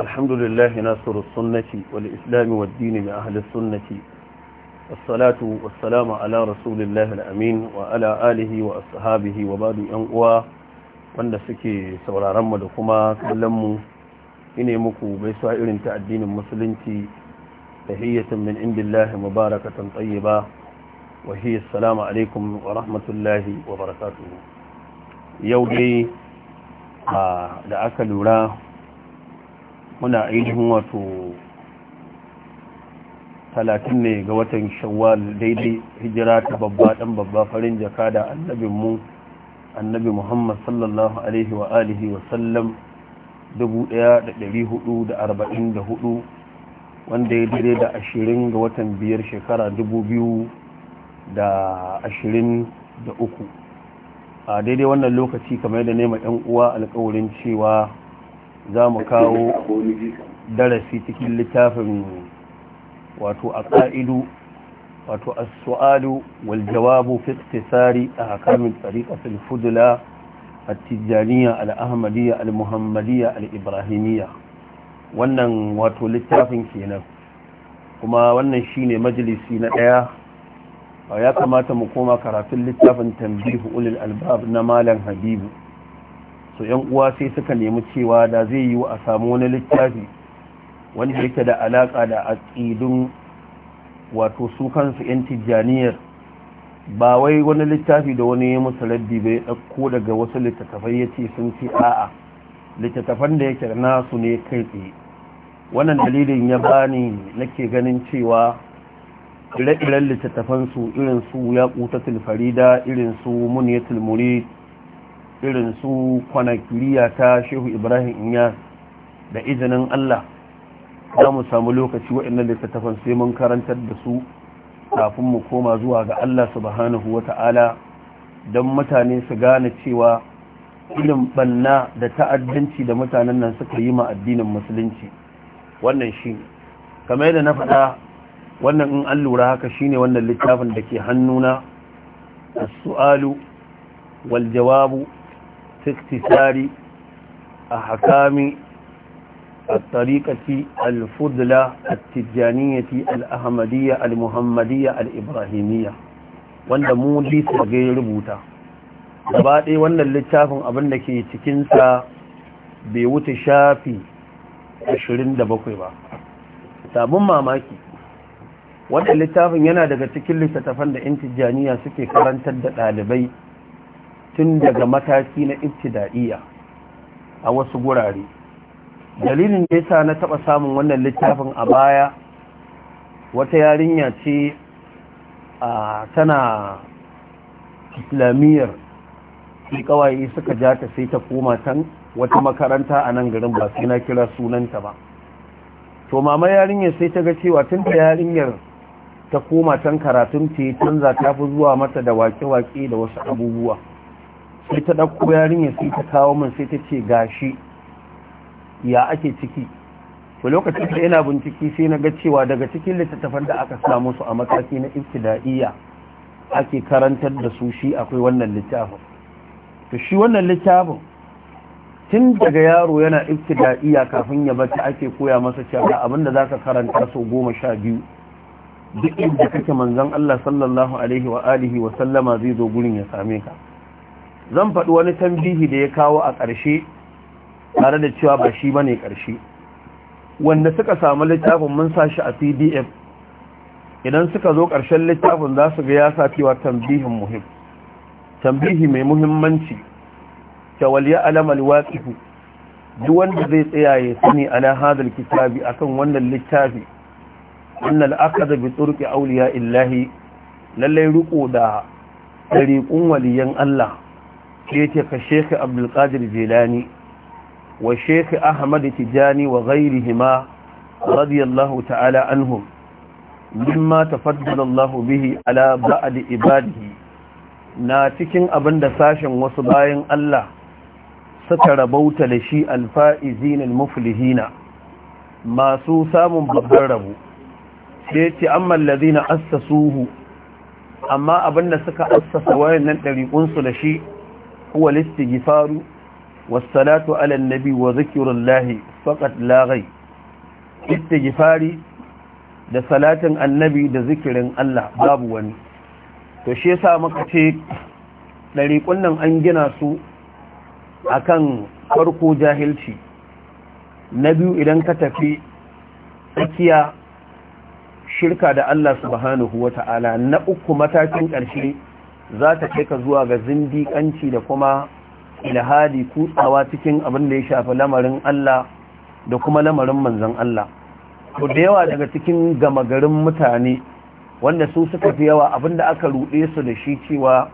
الحمد لله ناصر السنة والإسلام والدين بأهل السنة والصلاة والسلام على رسول الله الأمين وعلى آله وأصحابه وبعد أنقوى wanda suke sauraronmu da kuma kallonmu ine muku bai sa irin ta addinin musulunci tahiyyatan min indillahi mubarakatan tayyiba wa hiya assalamu alaikum wa rahmatullahi wa barakatuh yau da aka lura muna ainihin wato talatin ne ga watan shawwal daidai hijira ta babba dan babba farin jaka da annabinmu annabi muhammad sallallahu alaihi wa alihi wa sallam 1444 wanda ya daidai da ashirin ga watan biyar shekara uku a daidai wannan lokaci kamar da nema yan uwa alkawarin cewa za mu kawo darasi cikin littafin wato a ƙa'idu wato a su’adu wal jawabu fi a hakamin tsariƙatul a tijjaniya al’ahmadiyya المحمدية al’ibrahimiyya wannan wato littafin kenan kuma wannan shi ne majalisi na ɗaya ya kamata mu koma karatun littafin tambihu ulil albab na malam habibu su yan uwa sai suka nemi cewa da zai yi a samu wani littafi wanda yake da alaka da aqidun wato su kansu yan tijjaniyar ba wai wani littafi da wani ya musu rabbi bai ɗauko daga wasu littattafai ya ce sun ce a'a littattafan da yake nasu ne kai tsaye wannan dalilin ya bani nake ganin cewa ire-iren littattafansu irin su ya ƙutatul farida irin su muniyatul murid irin su kwanakiriya ta shehu ibrahim inya da izinin allah za mu samu lokaci waɗannan littattafan sai mun karantar da su kafin mu koma zuwa ga allah subhanahu wa ta'ala don mutane su gane cewa ilin banna da ta'addanci da mutanen nan suka yi ma addinin musulunci wannan shi kamar yadda na faɗa wannan in an lura haka shine wannan littafin da ke hannuna as-su'alu wal jawabu siktisari a hakami الطريقة الفضلة التجانية الأحمدية المحمدية الإبراهيمية wanda mu lisa ga ya rubuta gabaɗaya wannan littafin abin da ke cikinsa bai wuce shafi 27 ba sabon mamaki wannan littafin yana daga cikin littattafan da in tijjaniya suke karantar da ɗalibai tun daga mataki na ibtida'iyya a wasu gurare dalilin da yasa na taba samun wannan littafin a baya wata yarinya ce a tana islamiyyar sai kawai suka ja ta sai ta koma tan wata makaranta a nan garin ba sai na kira sunanta ba to mama yarinyar sai ta ga cewa tun ta yarinyar ta koma tan karatun ta yi canza ta fi zuwa mata da wake-wake da wasu abubuwa sai ta ɗauko yarinya sai ta kawo min sai ta ce gashi ya ake ciki to lokacin da yana binciki sai na ga cewa daga cikin littattafan da aka samu su a mataki na ibtida'iyya ake karantar da su shi akwai wannan littafin to shi wannan littafin tun daga yaro yana ibtida'iyya kafin ya bata ake koya masa cewa abinda zaka karanta so goma sha biyu duk inda kake manzon Allah sallallahu alaihi wa alihi wa sallama zai zo gurin ya same ka zan faɗi wani tambihi da ya kawo a ƙarshe tare da cewa ba shi ba ne ƙarshe wanda suka samu littafin mun sashi a pdf idan suka zo ƙarshen littafin za su ga ya sa cewa tambihin muhim tambihi mai muhimmanci tawal ya alamar waƙifu duk wanda zai tsaya ya sani a hadal kitabi kan wannan littafi annal aka zabi turqi auliya illahi lallai riko da tariqun waliyan Allah yace ka Sheikh abdulkadir Jilani wa Sheikh Ahmad Tijani wa ghayrihima radiyallahu ta'ala anhum mimma tafaddala bihi ala ba'd ibadihi na cikin abin da sashen wasu bayan Allah suka rabauta da shi alfa'izin al-muflihina masu samun babbar rabo. sai ce an mallazi na assasuhu amma abin da suka assasa wayannan su da shi huwa listighfaru wassalatu ala annabi wa zikrullahi faqat la ghay istighfari da salatin annabi da zikirin Allah babu wani to shi yasa muka ce dariƙun nan an gina su akan farko jahilci na biyu idan ka tafi tsakiya shirka da Allah subhanahu wa ta'ala na uku matakin ƙarshe za ta kai ka zuwa ga zindiƙanci da kuma ilhadi kutsawa cikin abin da ya shafi lamarin Allah da kuma lamarin manzan Allah to da yawa daga cikin gama garin mutane wanda su suka fi yawa abin da aka ruɗe su da shi cewa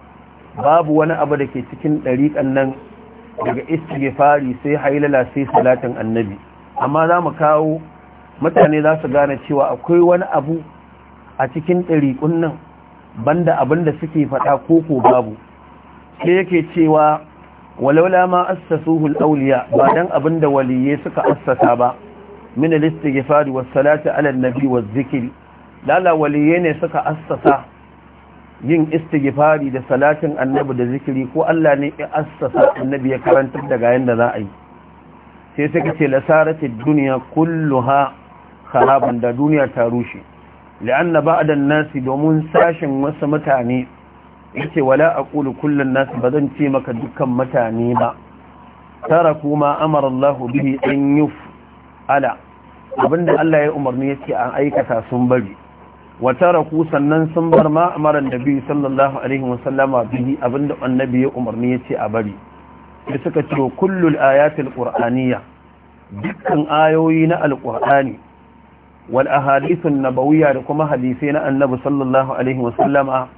babu wani abu da ke cikin ɗariƙan nan daga fari sai hailala sai salatin annabi amma za mu kawo mutane za su gane cewa akwai wani abu a cikin ɗariƙun nan banda abin da suke faɗa ko babu sai yake cewa walaula ma assasuhu al-awliya ba dan abin da suka assasa ba min al-istighfar wa salati ala an-nabi was zikri lala waliye ne suka assasa yin istighfari da salatin annabi da zikiri ko Allah ne ya assasa annabi ya karantar daga gayan da za a yi sai suka ce duniya dunya kulluha kharaban da duniya ta rushe la'anna ba'dan nasi domin sashin wasu mutane yace wala aqulu kullun nasu bazan ce maka dukkan mutane ba tara kuma amara Allah bihi an yuf ala abinda Allah ya umarni yace an aikata sun bari wa taraku sannan sun bar ma amaran nabi sallallahu alaihi wasallama bihi abinda annabi ya umarni yace a bari da suka ce kullul ayatul qur'aniyya dukkan ayoyi na alqur'ani wal ahadithun nabawiyya da kuma hadisai na annabi sallallahu alaihi wasallama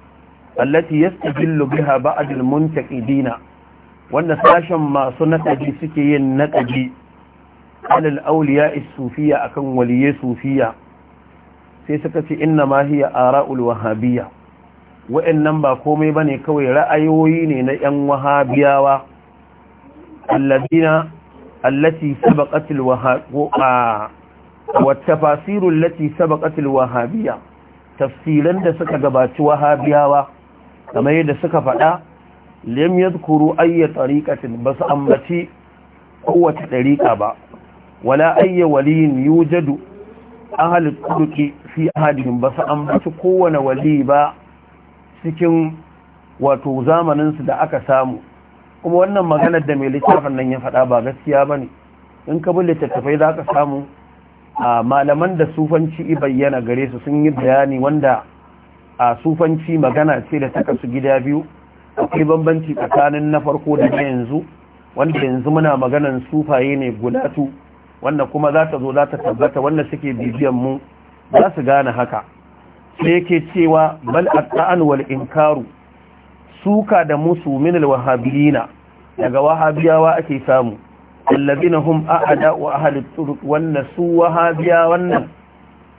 allati yastadillu biha ba'adil al muntaqidina wanda sashen masu naqaji suke yin naqaji alal awliya Sufiya a akan waliyyi Sufiya, sai suka ce inna ma hiya ara'ul wahabiyya wa'annan ba komai bane kawai ra'ayoyi ne na yan wahabiyawa alladina allati sabaqatil wahab والتفاسير التي سبقت wahabiya tafsiran da suka gabaci wahabiyawa kamar yadda suka faɗa lam yadhkuru ayya tariqatin bas ambaci kowace tariqa ba wala ayya waliyin yujadu ahli turuqi fi ahadihim bas ambaci kowane wali ba cikin wato zamanin su da aka samu kuma wannan maganar da mai littafin nan ya faɗa ba gaskiya bane in ka bi littattafai za ka samu a malaman da sufanci bayyana gare su sun yi bayani wanda a sufanci magana ce da ta kasu gida biyu akwai bambanci tsakanin na farko da na yanzu wanda yanzu muna maganan sufaye ne gudatu wanda kuma za ta zo za ta tabbata wanda suke bibiyan mu za su gane haka sai yake cewa bal at wal inkaru suka da musu min al-wahabiyina daga wahabiyawa ake samu allazina hum a'ada wa ahli turuq wannan su wahabiya wannan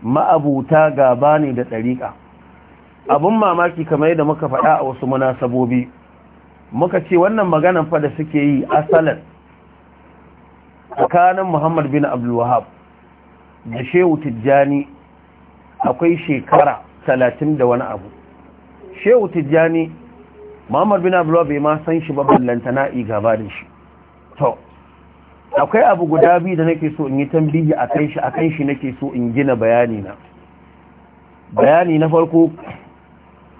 ma'abuta gaba ne da ɗariƙa. abun mamaki kamar yadda muka faɗa a wasu munasabobi muka ce wannan maganan fa da suke yi asalan tsakanin Muhammad bin Abdul Wahhab da Shehu Tijjani akwai shekara talatin da wani abu Shehu Tijjani Muhammad bin Abdul Wahhab bai ma san shi ba ballantana i gaba da shi to akwai abu guda biyu da nake so in yi tambihi a kan shi a kan shi nake so in gina bayani na bayani na farko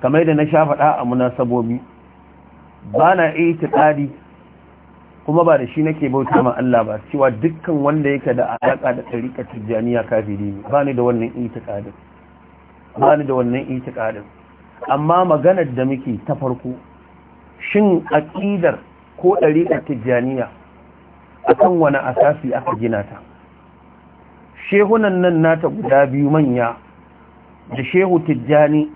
kamar da na sha faɗa a munasabobi ba na itiqadi kuma ba da shi nake bauta ma Allah ba cewa dukkan wanda yake da alaka da tariƙa tijjaniya kafiri ne ba ni da wannan itiqadi ba ni da wannan itiqadi amma maganar da muke ta farko shin aqidar ko ɗarikar tijjaniya akan wani asasi aka gina ta shehunan nan nata guda biyu manya da shehu tijjani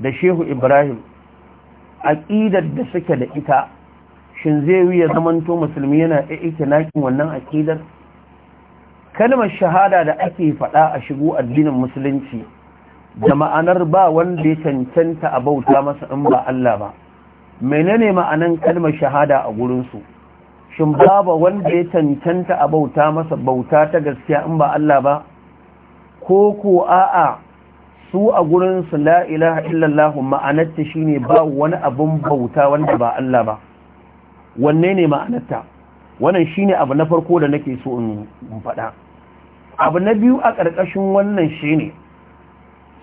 da shehu ibrahim aƙidar da suke da ita shin zai ya zamanto musulmi yana iya nakin wannan aƙidar kalmar shahada da ake faɗa a shigo addinin musulunci da ma'anar ba wanda ya cancanta a bauta masa in ba Allah ba menene ma'anan kalmar shahada a gurinsu shin babu wanda ya cancanta a bauta masa bauta ta gaskiya in ba Allah ba ko ko a'a su a su la ilaha illallah ma'anarta shine ba wani abun bauta wanda ba Allah ba wanne ne ma'anarta wannan shine abu na farko da nake so in faɗa abu na biyu a ƙarƙashin wannan shine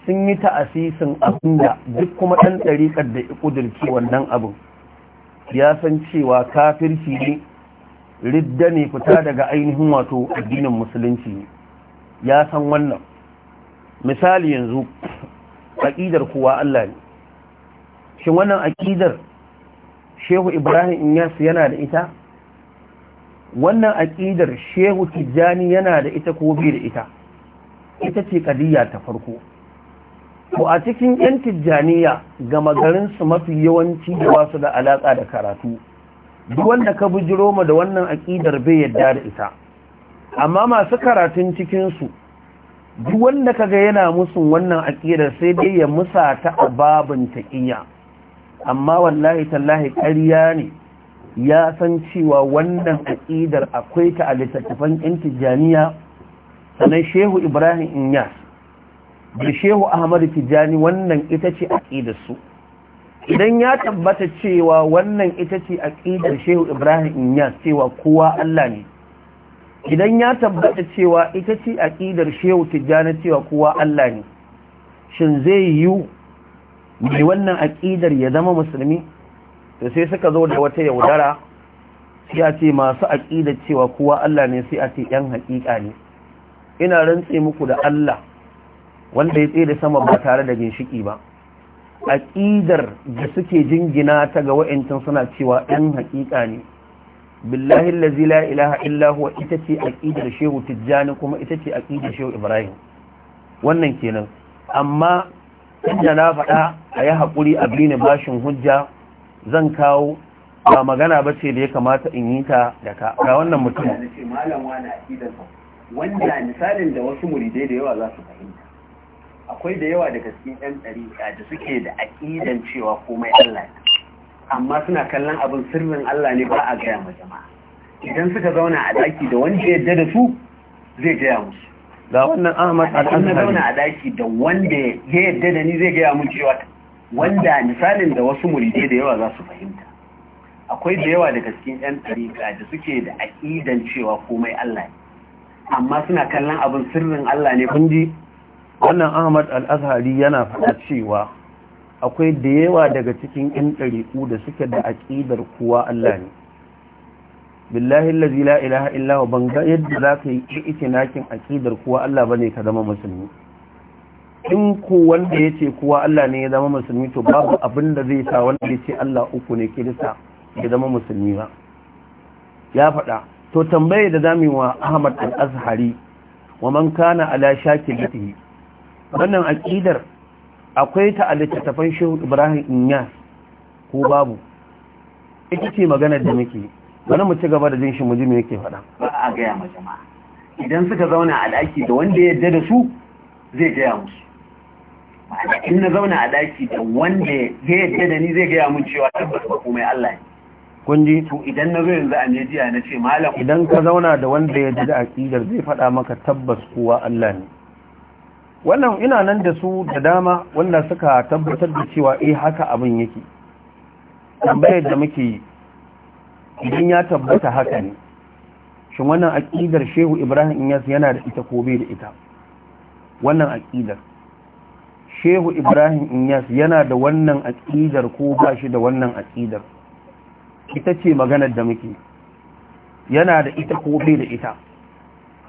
sun yi ta'asisin da duk kuma ɗan ɗariƙar da ya ƙudurci wannan abin ya san cewa kafirci ne ridda ne fita daga ainihin wato addinin musulunci ya san wannan misali yanzu aƙidar kuwa Allah ne shi wannan aƙidar shehu ibrahim inyasu yana da ita wannan aƙidar shehu tijjani yana da ita ko bai da ita ita ce ƙadiyya ta farko ko a cikin 'yan tijjaniya gama garinsu mafi yawanci da wasu da alaƙa da karatu duk wanda ka bujiro ma da wannan aƙidar bai yadda da ita amma masu karatun cikinsu duk wanda ka ga yana musun wannan aƙidar sai dai ya musa ta babun taqiya amma wallahi tallahi ƙarya ne ya san cewa wannan aƙidar akwai ta a littattafan Tijaniya tijjaniya shehu ibrahim inyas da shehu ahmadu Tijani wannan ita ce su idan ya tabbata cewa wannan ita ce aqidar Shehu Ibrahim Inyas cewa kowa Allah ne idan ya tabbata cewa ita ce aqidar Shehu Tijjani cewa kowa Allah ne shin zai yiwu mai wannan aqidar ya zama musulmi to sai suka zo da wata yaudara sai a ce masu aqidar cewa kowa Allah ne sai a ce yan haƙiƙa ne ina rantse muku da Allah wanda ya tsere sama ba tare da ginshiki ba aƙidar da suke jingina ta ga wa'ancin suna cewa ɗan haƙiƙa ne billahi lazi la ilaha illahu ita ce aƙidar shehu tijjani kuma ita ce aƙidar shehu ibrahim wannan kenan amma inda na faɗa a yi haƙuri a bini bashin hujja zan kawo ba magana ba ce da ya kamata in yi ta da ka ga wannan mutum wanda misalin da wasu muridai da yawa za su fahimta akwai da yawa daga cikin 'yan ɗariƙa da suke da aƙidan cewa komai Allah ne amma suna kallon abin sirrin Allah ne ba a gaya ma jama'a idan suka zauna a daki da wanda yadda da su zai gaya musu da wannan Ahmad al-Azhari zauna a daki da wanda ya yadda da ni zai gaya mun cewa wanda misalin da wasu muridai da yawa za su fahimta akwai da yawa daga cikin yan ɗariƙa da suke da aƙidan cewa komai Allah ne amma suna kallon abin sirrin Allah ne kun ji wannan ahmad al-azhari yana faɗa cewa akwai da yawa daga cikin 'yan ɗariƙu da suke da aƙidar kuwa Allah ne billahi allazi la ilaha illa ban ga yadda za ka yi nakin aƙidar kuwa Allah ba ne ka zama musulmi in ku wanda ya ce kuwa Allah ne ya zama musulmi to babu abin da zai sa wanda ya ce Allah uku ne kirista ya zama musulmi ba ya faɗa to tambaye da zamu wa Ahmad al-Azhari wa man kana ala shakilatihi wannan aƙidar akwai ta a littattafan shehu ibrahim inya ko babu ita ce maganar da muke bana mu ci gaba da jin shi mu ji me yake faɗa ba a gaya ma jama'a idan suka zauna a daki da wanda ya yarda da su zai gaya musu ma'ana in na zauna a daki da wanda ya yarda da ni zai gaya mun cewa tabbas ba komai Allah ne kun ji to idan na zo yanzu a mejiya na ce malam idan ka zauna da wanda ya yarda da aqidar zai faɗa maka tabbas kowa Allah ne wannan ina nan da su da dama wanda suka tabbatar da cewa eh haka abin yake tambayar da muke yi idan ya tabbata haka ne shin wannan aqidar shehu ibrahim inyas yana da ita ko bai da ita wannan aqidar shehu ibrahim inyas yana da wannan aqidar ko ba shi da wannan aqidar ita ce maganar da muke yana da ita ko bai da ita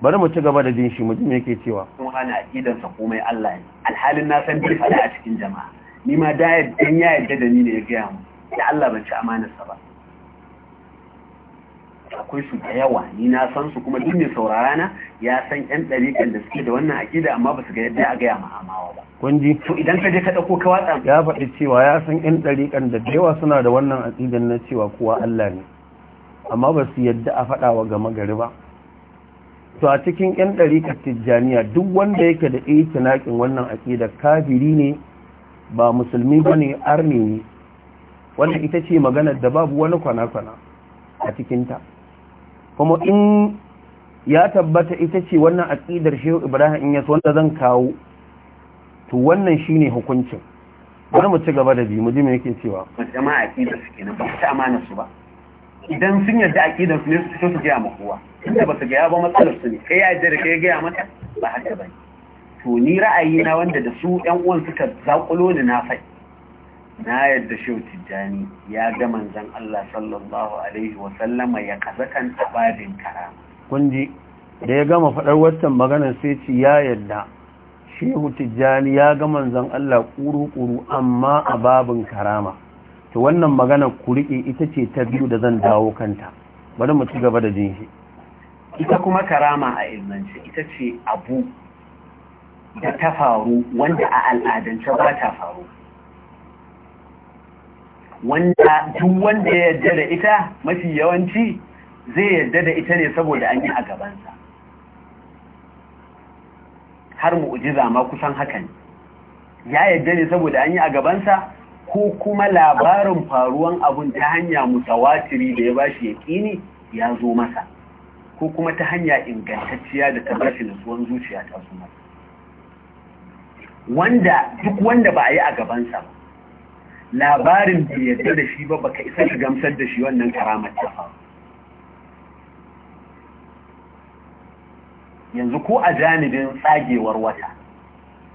bari mu ci gaba da jin shi mu ji me yake cewa kun hana aqidan sa komai Allah ne alhalin na san bai fada a cikin jama'a ni ma da yaddan ya yadda da ni ne ya ga mu ya Allah ban ci amanar sa ba akwai su da yawa ni na san su kuma duk mai saurara na ya san yan dariƙan da suke da wannan aƙida, amma ba su ga yadda a ga ma amawa ba kun ji to idan ka je ka dauko ka watsa ya faɗi cewa ya san yan dariƙan da yawa suna da wannan aƙidan na cewa kowa Allah ne amma ba su yadda a faɗa wa gama gari ba to a cikin 'yan ɗarikar tijjaniya duk wanda yake da tunakin wannan aƙidar kafiri ne ba musulmi ba ne arni ne wannan ita ce maganar da babu wani kwana-kwana a cikinta kuma in ya tabbata ita ce wannan aƙidar shehu ibrahim in yasu wanda zan kawo to wannan shi ne hukuncin wani mu ci gaba da bi mu ji mai yake cewa jama'a aƙidar ba su ba idan sun yarda aqidar su ne su su gaya ma kowa inda ba su gaya ba matsalar su ne kai ya yarda da kai gaya mata ba haka ba to ni ra'ayi na wanda da su yan uwan suka zakulo ni na fai na yarda shehu tijjani ya ga manzon Allah sallallahu alaihi wa sallama ya kan tabadin karama kun ji da ya gama faɗar wannan maganar sai ci ya yarda shehu tijjani ya ga manzon Allah kuru-kuru amma a babin karama to wannan magana ku riƙe ita ce ta biyu da zan dawo kanta bari mu ci gaba da jin shi ita kuma karama a ilmance ita ce abu da ta faru wanda a al'adance ba ta faru wanda duk wanda ya yarda da ita mafi yawanci zai yarda da ita ne saboda an yi a gabansa har mu'ujiza ma kusan haka ne ya yarda ne saboda an yi a gabansa ko kuma labarin faruwan abun ta hanya mutawatiri da ya bashi yaƙini ya zo masa ko kuma ta hanya ingantacciya da ta bashi nasuwan zuciya ta zo masa wanda duk wanda ba a yi a gabansa ba labarin da yadda da shi ba baka isa ka gamsar da shi wannan karamar ta faru yanzu ko a janibin tsagewar wata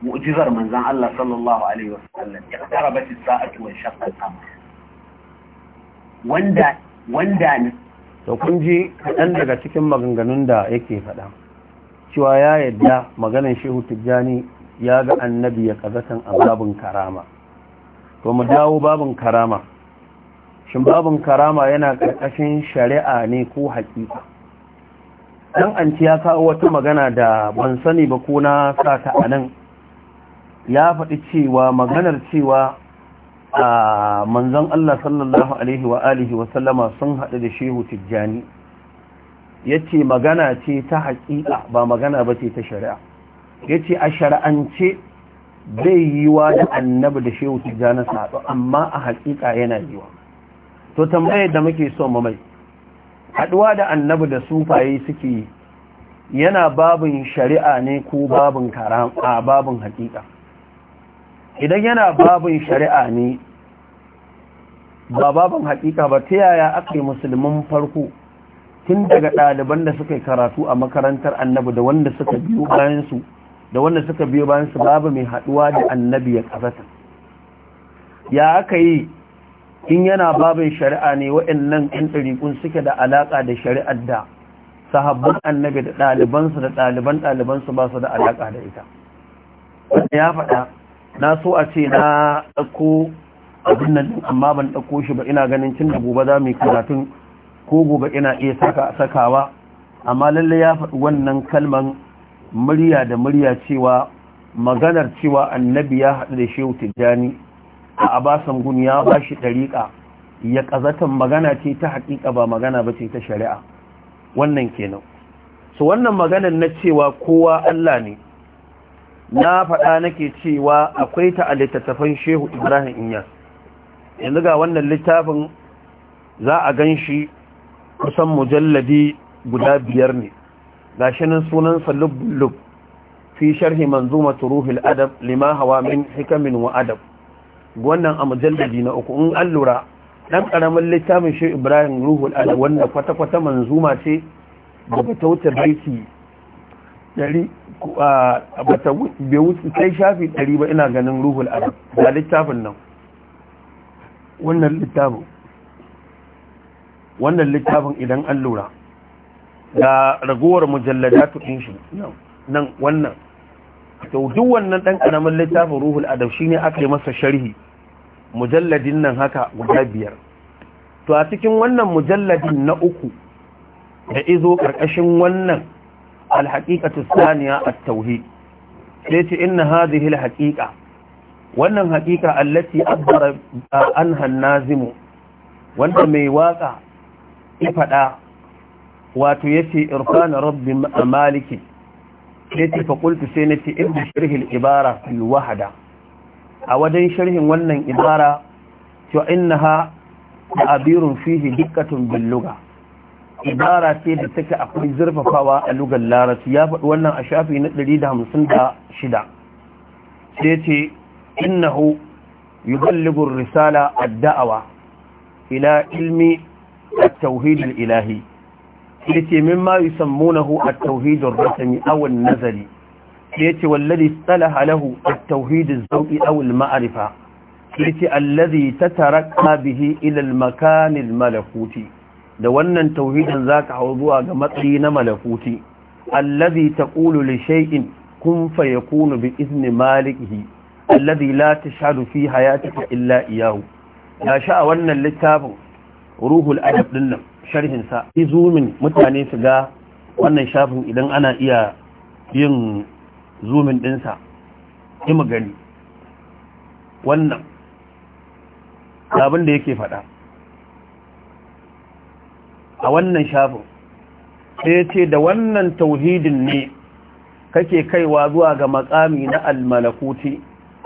mu'jizar manzan Allah sallallahu alaihi wasallam ya qaraba sa'atu wa shaqqa qamar wanda wanda ne to kun ji kaɗan daga cikin maganganun da yake faɗa cewa ya yadda maganar shehu tijjani ya ga annabi ya kazatan a babin karama to mu dawo babin karama shin babin karama yana ƙarƙashin shari'a ne ko haƙiƙa dan an ci ya kawo wata magana da ban sani ba ko na sa ta anan ya faɗi cewa maganar cewa a manzon Allah sallallahu alaihi wa alihi wa sun haɗu da shehu tijjani ya ce magana ce ta haƙiƙa ba magana ba ce ta shari'a Ya ce a shari'ance bai wa da annabi da shehu tijjani saɗo amma a haƙiƙa yana yiwa to tambayar da muke so mamai haɗuwa da annabi da sufaye suke yi yana babin shari'a ne ko babin karam a babin haƙiƙa idan yana babin shari'a ne ba babin hakika ba ta yaya aka yi musulmin farko tun daga ɗaliban da suka yi karatu a makarantar annabi da wanda suka biyo bayansu da wanda suka biyo bayansu babu mai haɗuwa da annabi ya ƙasata ya aka yi in yana babin shari'a ne waɗannan ɗin ɗariƙun suke da alaƙa da shari'ar da sahabban annabi da ɗalibansu da ɗaliban ɗalibansu ba su da alaƙa da ita ya faɗa na so a ce na ɗauko abin nan amma ban ɗauko shi ba ina ganin cin da gobe za mu yi karatun ko gobe ina iya saka sakawa amma lalle ya faɗi wannan kalman murya da murya cewa maganar cewa annabi ya haɗu da shehu tijjani a abasan gun ya ba shi ɗariƙa ya ƙazatan magana ce ta haƙiƙa ba magana ba ce ta shari'a wannan kenan so wannan maganar na cewa kowa Allah ne na faɗa nake cewa akwai ta a littattafan shehu ibrahim inya yanzu ga wannan littafin za a gan shi kusan mujalladi guda biyar ne ga shi sunansa sunansa lublub fi sharhi manzuma turuhul adab lima hawa min hikamin wa adab wannan a mujalladi na uku in an lura ɗan ƙaramin littafin Shehu ibrahim ruhul adab wanda kwata-kwata manzuma ce daga ta wuce bai wuce kai shafi ɗari ba ina ganin ruhul arab da littafin nan wannan littafin wannan littafin idan an lura da ragowar mujallada tukin shi nan wannan to duk wannan ɗan ƙaramin littafin ruhul adab ne aka yi masa sharhi mujalladin nan haka guda biyar to a cikin wannan mujalladin na uku da izo ƙarƙashin wannan alhaƙiƙatu saniya at-tauhid sai ce inna hadhihi alhaqiqa wannan haƙiƙa allati abdara anha nazimu wanda mai waka ifada wato yace irfan rabbi maliki sai ce fa qultu sai nace inda sharhi al-ibara fil wahda a wajen sharhin wannan ibara ta innaha abirun fihi dikkatun billuga. ibara ce da take akwai zurfafawa a lugar larabci ya faɗi wannan a shafi na 156 sai ce innahu yuballighu risala ad-da'wa ila ilmi at-tauhid al-ilahi yace mimma yusammunahu at-tauhid ar-rasmi aw an-nazari yace wallazi talaha lahu at-tauhid az-zawqi aw al ce allazi ta bihi ila al-makan malakuti da wannan tauhidin ka hau zuwa ga matsayi na malakuti allazi ta li shay'in kun kuna bi izni malikihi allazi la rufi fi hayatika illa iyahu ya sha a wannan littafin ruhul adab ɗin nan sharhinsa sa izumin mutane su ga wannan shafin idan ana iya yin zumin ɗinsa. Yi magani gani wannan abin da yake faɗa a wannan shafin sai ya ce da wannan tauhidin ne kake kaiwa zuwa ga makami na almalakuti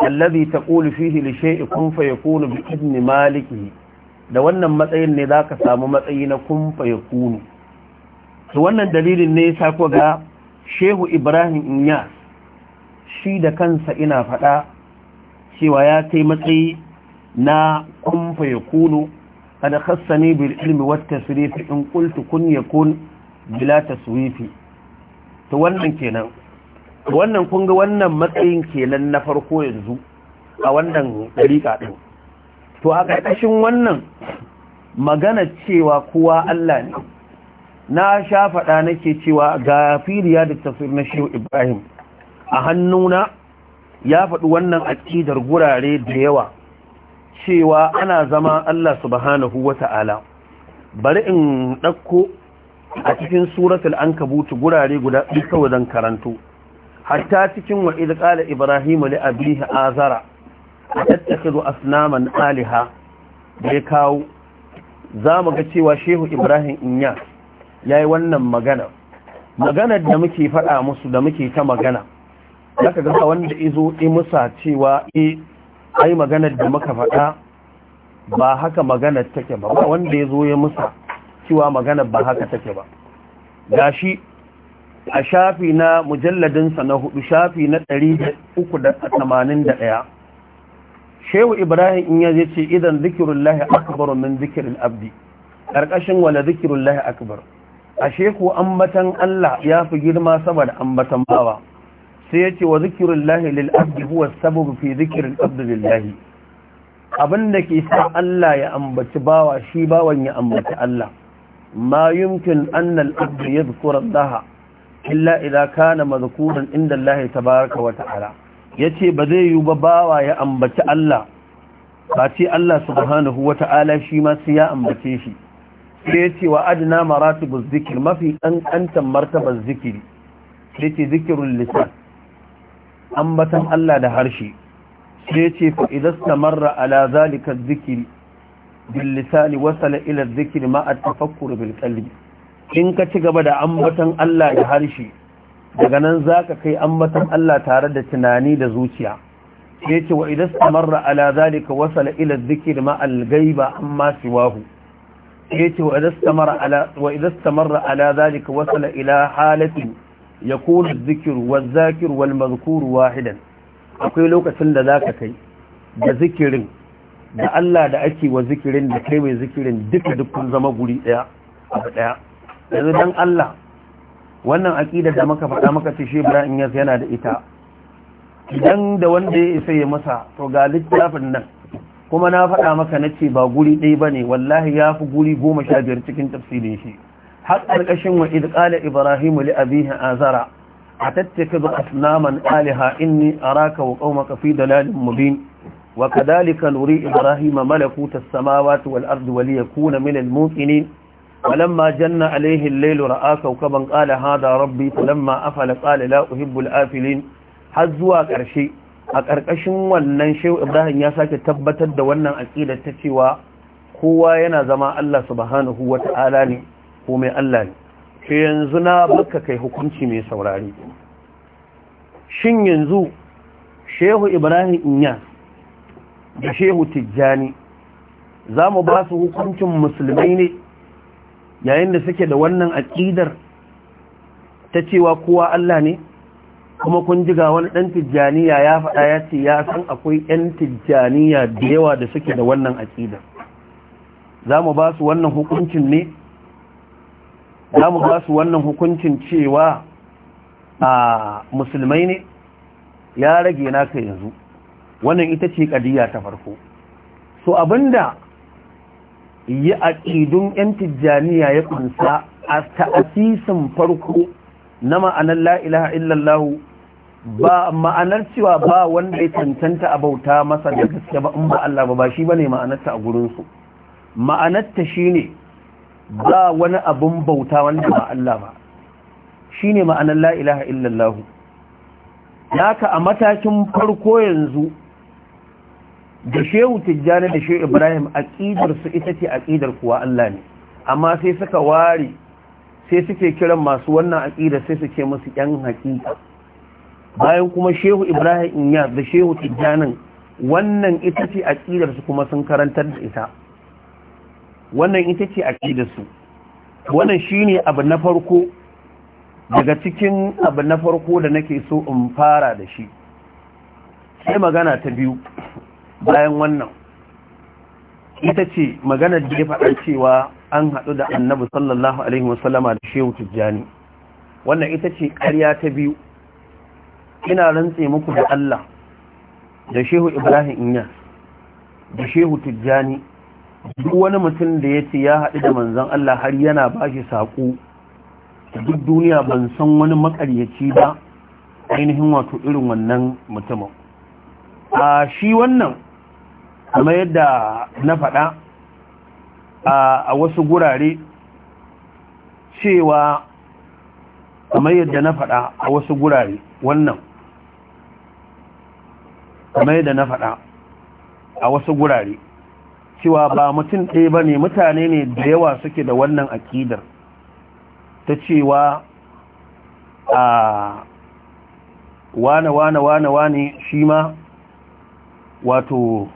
allazi taqulu fihi li shay'in kun kunu bi idni maliki da wannan matsayin ne zaka samu matsayi na kun kunu to wannan dalilin ne yasa ko ga Shehu Ibrahim inya shi da kansa ina fada cewa ya kai matsayi na kun kunu. kada khassani bil ilmi wat tasrifi in qultu kun yakun bila taswifi to wannan kenan wannan kun ga wannan matsayin kenan na farko yanzu a wannan dariƙa din to a ƙarƙashin wannan magana cewa kowa Allah ne na sha faɗa nake cewa ga firiya da tafsir na Shehu Ibrahim a hannuna ya faɗi wannan aƙidar gurare da yawa cewa ana zama Allah subhanahu wata'ala bari in ɗauko a cikin suratul ankabutu gurare guda kawai wajen karanto hatta cikin wa idh qala ibrahim li abihi azara atattakhidhu asnaman Aliha. bai kawo za mu ga cewa shehu ibrahim inya yayi wannan magana maganar da muke faɗa musu da muke ta magana zaka ga wanda izo imusa cewa eh ai maganar da muka faɗa ba haka maganar take ba wanda ya zo ya musa cewa maganar ba haka take ba gashi a shafi na mujalladinsa na hudu shafi na 381 shehu ibrahim in yaje ce idan zikirullahi akbar min zikirin abdi ƙarƙashin wala zikirullahi akbar a shehu ambatan allah ya fi girma saboda ambatan bawa sai ya ce wa zikirin lahi lil'abdi huwa sababu fi zikirin Abdullahi. abin da ke sa Allah ya ambaci bawa shi bawan ya ambaci Allah ma yumkin annal abdu ya zukura daha illa idan kana mazkuran inda Allah baraka wa ta'ala ce ba zai yi ba bawa ya ambaci Allah ba ce Allah subhanahu wa ta'ala shi ma sai ya ambace shi sai ce wa adna maratibuz zikr mafi ƙanƙantar martabar zikiri sai ce zikirin lisan ambatan Allah da harshe sai ce fa idan samarra ala zalika zikiri bil lisani wasala ila zikiri ma at tafakkur bil qalbi in ka ci gaba da ambatan Allah da harshe daga nan zaka kai ambatan Allah tare da tunani da zuciya sai ce wa idan samarra ala zalika wasala ila zikiri ma al ghaiba amma siwahu sai ce wa idan samarra ala wa idan samarra ala zalika wasala ila halatin yakunu dhikru wadh-dhakiru wal-madhkuru wahidan akwai lokacin da zaka kai da zikirin da Allah da ake wa zikirin da kai mai zikirin duka dukkan zama guri daya abu daya yanzu dan Allah wannan aqida da muka faɗa maka ce shi Ibrahim yana da ita idan da wanda ya isa ya masa to ga littafin nan kuma na faɗa maka nace ba guri ɗaya bane wallahi ya fi guri goma sha biyar cikin tafsirin shi har ƙarƙashin wa ibrahim ibrahimu li abihi azara a tattake da asnaman aliha inni araka wa qaumaka fi dalalin mubin wa kadhalika nuri ibrahima malakuta as-samawati wal ardi wa liyakuna min al-muqinin ولما جن عليه الليل رأى كوكبا قال هذا ربي فلما أفل قال لا أحب الآفلين حزوا كرشي wannan shehu Ibrahim ya sake tabbatar da wannan aqidar ta cewa kowa yana zama Allah subhanahu wata'ala ne komai Allah ne shi yanzu na baka kai hukunci mai saurari shin yanzu shehu ibrahim inya da shehu tijjani za mu ba su hukuncin musulmai ne yayin da suke da wannan aƙidar ta cewa kowa Allah ne kuma kun ji ga wani ɗan tijjaniya ya faɗa ya ce ya san akwai ɗan tijjaniya da yawa da suke da wannan aƙidar za mu ba su wannan hukuncin ne za mu basu wannan hukuncin cewa a musulmai ne ya rage naka yanzu wannan ita ce kadiya ta farko so abinda yi aƙidun 'yan tijjaniya ya kunsa a ta'asisin farko na ma'anar la'ilaha illallahu ba ma'anar cewa ba wanda ya cancanta a bauta masa da gaske ba in ba Allah ba ba shi ba ne ma'anarta a gurinsu ma'anarta shi ne ba wani abin bauta wanda ba Allah ba shi ne ma'anar la'ilaha illallahu naka a matakin farko yanzu da shehu tijjani da shehu ibrahim aƙidarsu ita ce aƙidar kuwa Allah ne amma sai suka ware sai suke kiran masu wannan aƙidar sai suke musu ‘yan haƙiƙa bayan kuma shehu ibrahim inyar da shehu tijjanin wannan ita ce aƙidarsu kuma sun karantar da ita wannan ita ce su. wannan shi ne abu na farko daga cikin abu na farko da nake so in fara da shi sai magana ta biyu bayan wannan ita ce magana da ya faɗa cewa an haɗu da annabi sallallahu alaihi wasallama da shehu tijjani wannan ita ce ƙarya ta biyu ina rantse muku da Allah da shehu ibrahim inya da shehu tijjani duk wani mutum da ya ce ya haɗu da manzan Allah har yana ba shi saƙo duk duniya ban san wani makaryaci ba ainihin wato irin wannan mutumin a shi wannan kuma yadda na faɗa a wasu gurare cewa kuma yadda na faɗa a wasu gurare wannan kuma yadda na faɗa a wasu gurare cewa ba mutum ɗaya ba ne mutane ne da yawa suke da wannan aƙidar ta cewa a wane wane wane wane shi ma wato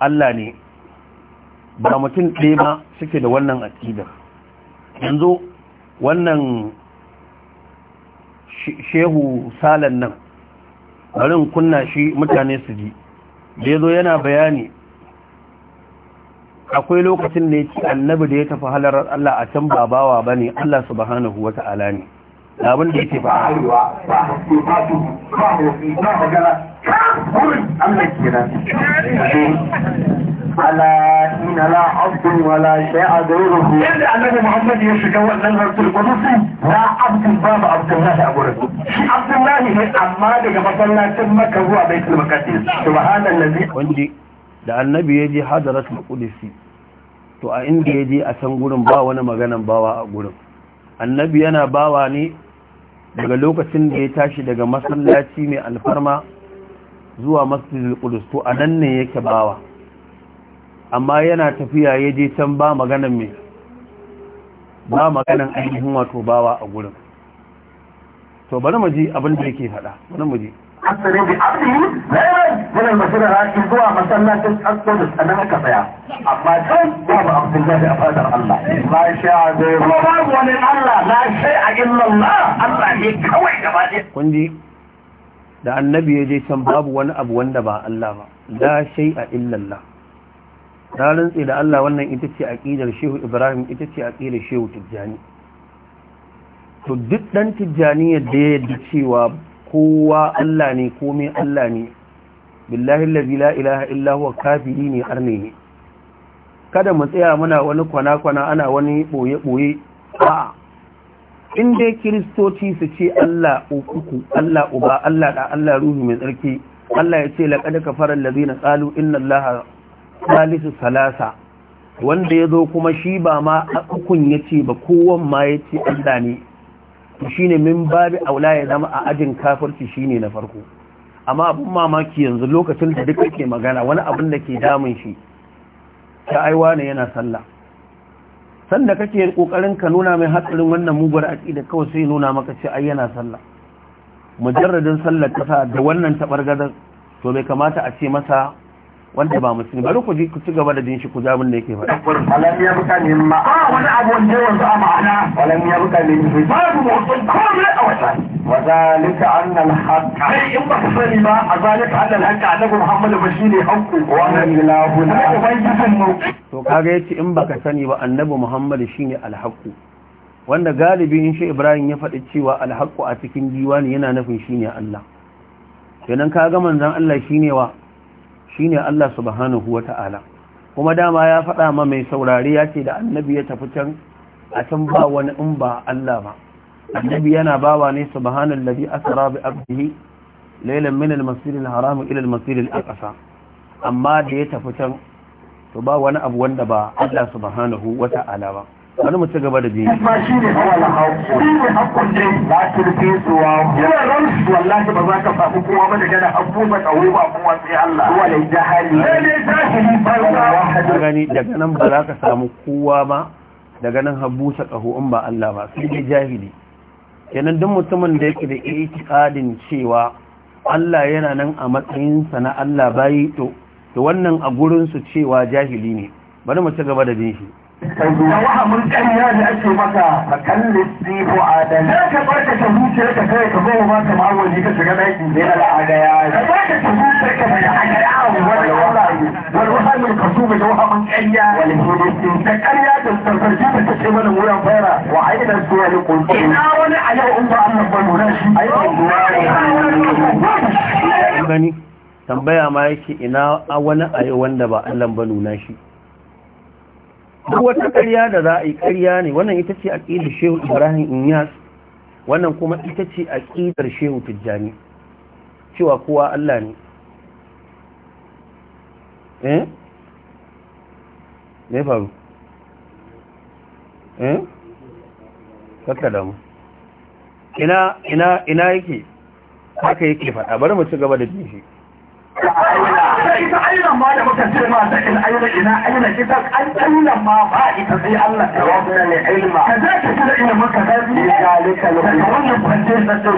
Allah ne ba mutum ɗaya ba suke da wannan akidar yanzu wannan shehu salan nan barin kunna shi mutane su ji da yana bayani akwai lokacin da ci annabi da ya tafi halarar Allah a can ba bawa Allah subhanahu ta'ala ne abin da yake ba على إن لا عبد ولا شيء غيره إلا أنه محمد يشجع أن الرسول القدسي لا عبد باب عبد الله أبو رسول عبد الله هي أمانة كما الله تمك هو بيت المقدس سبحان الذي وندي da annabi ya je hadaratul qudsi to a inda ya je a san gurin ba wani maganan bawa a gurin annabi yana bawa ne daga lokacin da ya tashi daga masallaci mai alfarma zuwa masjidil qudus to anan ne yake bawa amma yana tafiya ya je can ba maganan mai ba maganan ainihin wato bawa a gurin to bari mu ji abin da yake faɗa bari mu ji asare da abdihi la yaran min al-masjid al-aqil zuwa masallacin al-qudus anan aka tsaya amma dai babu abdullahi a fadar Allah ma sha zai kuma babu wani Allah na shay a illallah Allah ne kawai gaba ɗaya kun da annabi ya je can babu wani abu wanda ba Allah ba la shai a illallah na rantse da Allah wannan ita ce aqidar Shehu Ibrahim ita ce aqidar Shehu Tijjani to duk dan Tijjani da ya yadda cewa kowa Allah ne komai Allah ne billahi allazi la ilaha illa huwa kafiri ne arne ne kada mu tsaya muna wani kwana-kwana ana wani ɓoye-ɓoye. ɓoye in inda kiristoci su ce Allah uku Allah uba Allah da Allah ruhu mai tsarki Allah ya ce laƙada kafarar lazina tsalu inna Allah salisu salasa wanda ya zo kuma shi ba ma ukun ya ce ba kowan ma ya ce Allah ne to ne min babi aula ya zama a ajin shi ne na farko amma abin mamaki yanzu lokacin da duk ake magana wani abin da ke damun shi ta aiwa ne yana sallah sanda kake kokarin ka nuna mai hatsarin wannan mugar da kawai sai nuna maka ce ai yana sallah mujarradin sallar kasa da wannan tabargadan to bai kamata a ce masa wanda ba musulmi bari ku ji ku ci gaba da jin shi ku ja mun da yake faɗa alam ya buka min ma a wani abu ne wanda a ma'ana alam ya buka min fi babu mutum komai a wata wa zalika anna al haqq ai in ba ka sani ba a zalika anna al haqq annabi muhammadu ba shine haqqu wa anna ilahu la ubangijin mu to kaga yace in baka sani ba annabi muhammadu shine al haqq wanda galibi in shi ibrahim ya faɗi cewa al haqq a cikin diwani yana nufin shine Allah kenan kaga manzon Allah shine wa shine Allah subhanahu wata'ala kuma dama ya faɗa ma mai saurari ya ce da annabi ya tafi can a can ba wani in ba Allah ba annabi yana bawa ne subhanallazi asra bi abdihi laylan min al-masjid al-haram ila al-masjid al-aqsa amma da ya tafi can to ba wani abu wanda ba Allah subhanahu wata'ala ba wani mu ci gaba da biyu ba shi ne na hau shi ne hakkun dai ba su rufe suwa yana ramsu wallahi ba za ka faɗi kowa ba da gana abubuwan ɗauri ba kuma sai Allah zuwa da jahali ne ne jahili ba za gani daga nan ba za ka samu kowa ba daga nan habusa ƙaho in ba Allah ba sai dai jahili kenan duk mutumin da yake da itikadin cewa Allah yana nan a matsayinsa na Allah bayi to wannan a gurinsu cewa jahili ne bari mu ci gaba da bin shi da wahamin ƙarya da ake maka a kallis ni ko adal sai ka barka ta zuciya ka kai ka goma ma ka ma'awali ka shiga daki ne al'ada ya ka barka ta zuciya ka mai al'ada wani wallahi wani wahamin ka su da wahamin ƙarya wani hidisin da ƙarya da sarfarci da take mana wurin fara wa ainihin zuwa ne ko ina wani a yau in ba Allah ba nuna shi a yau zuwa ne gani tambaya ma yake ina wani a yau wanda ba Allah ba nuna shi duk wata ƙarya da za a yi ƙarya ne wannan ita ce aƙidar shehu ibrahim inyas wannan kuma ita ce aƙidar shehu tijjani cewa kowa allah ne eh me faru eh kakka damu ina ina ina yake haka yake faɗa bari mu ci gaba da jin ita ainihin ma da muka ce ma ta in aina ina aina ita an ainihin ma ba ita sai Allah ta rabu ne ilma ka za ka cire ilimin ka ga biyu ya zalika lokacin wannan kwance na ce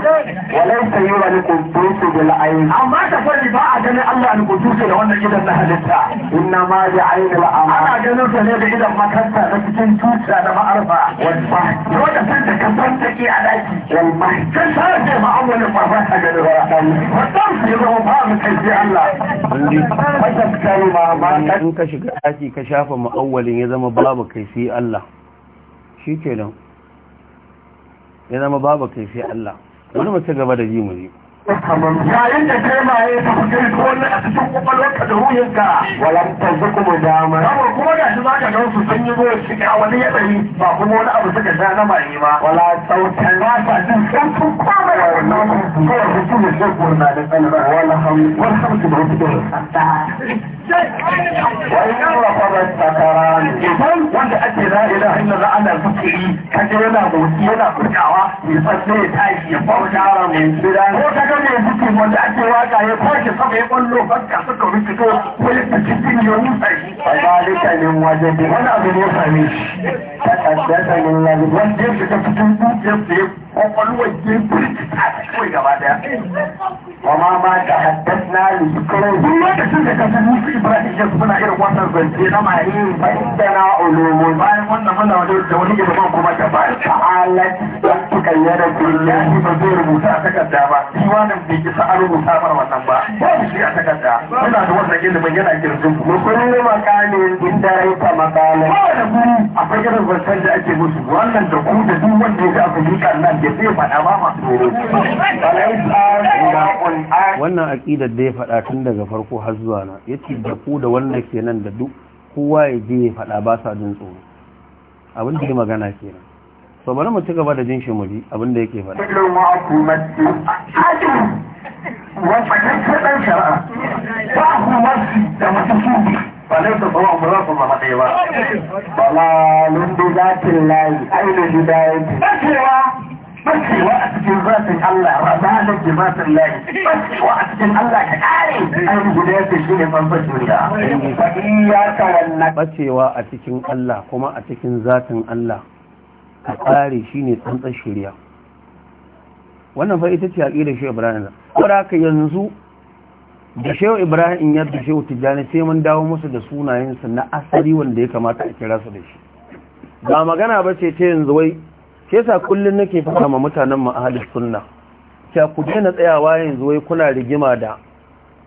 walai ta yi wa lukutusu bil ainihin amma ta fari ba a ganin Allah ni lukutusu da wannan gidan na halitta inna ma da ainihin amma ana ganin sa ne da idan makanta da cikin tuta da ma'arfa wadda wanda san da ka san ta ke a daki wadda kan ta ce ma'awalin ba ba ta ganin ba wadda su yi zama ba mu kai in ka shiga ɗaki ka shafa ma'awalin ya zama babu kai sai Allah shi ke nan ya zama babu kai sai Allah wani mace gaba da ji mu ne yayin da kai ta ta fitar kowanne a cikin kwakwalwarka da ruhinka walan tanzu kuma dama saboda kuma ga shi da ga su sun yi goyo shi a wani yanayi ba kuma wani abu suka sha na maye ba wala sautan ba sa jin sautin komai a wannan kawai su ne shi da tsanar wala hamdu wala hamdu da wasu dole wani yawa kwanar idan wanda ake za'ila hanyar ra'ana suke yi kaje yana motsi yana fitawa ya tsalle ya tashi ya bauta mai gida ko ne duki wanda ake waka ya kwashe sama ya kwallo banka suka rikito wani cikin biliyoyin a fazalika min wajen wani abu ne ya same shi ta kaddasa min wajen wanda ya shiga cikin dukiyar fitin ya kwakwalwar jirgin gaba daya amma ma da haddas na yi kawai duk da musu ibrahim irin wannan zance na da bayan wannan da kuma da bayan ta'alat ba zai rubuta a takarda ba ba a takarda muna yana girgin mu kullu makamin irin da ake musu ku da duk wanda ya ga abu kan nan wannan aƙidar da ya faɗa tun daga farko har zuwa na ya ce da ku da wanda ke nan da duk kowa ya je ya faɗa ba sa jin tsoro abin da ya magana nan so bari mu ci gaba da jin shimuri abin da yake faɗa وفتنسدن شرعا فأخو ba. لما تسوبي فليس طبعا مراس bacewa a cikin zafin Allah rabana jimatin lahi bacewa a cikin Allah ka kare an guda yake shi ne babbar duniya bacewa a cikin Allah kuma a cikin zatin Allah ka kare shi ne tsantsar shirya wannan fa ita ce a aƙidar shi Ibrahim saboda haka yanzu da shehu Ibrahim ya da shehu Tijjani sai mun dawo musu da sunayensa na asali wanda ya kamata a kira su da shi ba magana ba ce ta yanzu wai shi yasa kullun nake fara ma mutanen mu ahli sunna cewa ku je na tsayawa yanzu wai kuna rigima da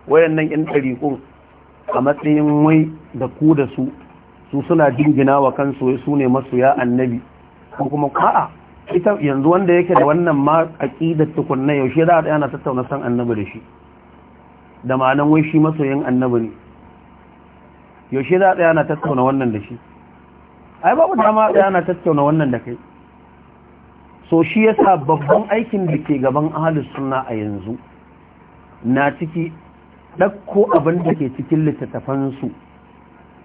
wayannan in ɗariƙun a matsayin wai da ku da su su suna jingina wa kansu wai su ne ya annabi ko kuma ka'a ita yanzu wanda yake da wannan ma aqidar tukunna yaushe za a tsaya na tattauna san annabi da shi da ma'anan wai shi masoyin annabi ne yaushe za a tsaya na tattauna wannan da shi ai babu dama a tsaya na tattauna wannan da kai so shi yasa babban aikin da ke gaban ahalus suna a yanzu na ciki ɗakko abin da ke cikin littattafansu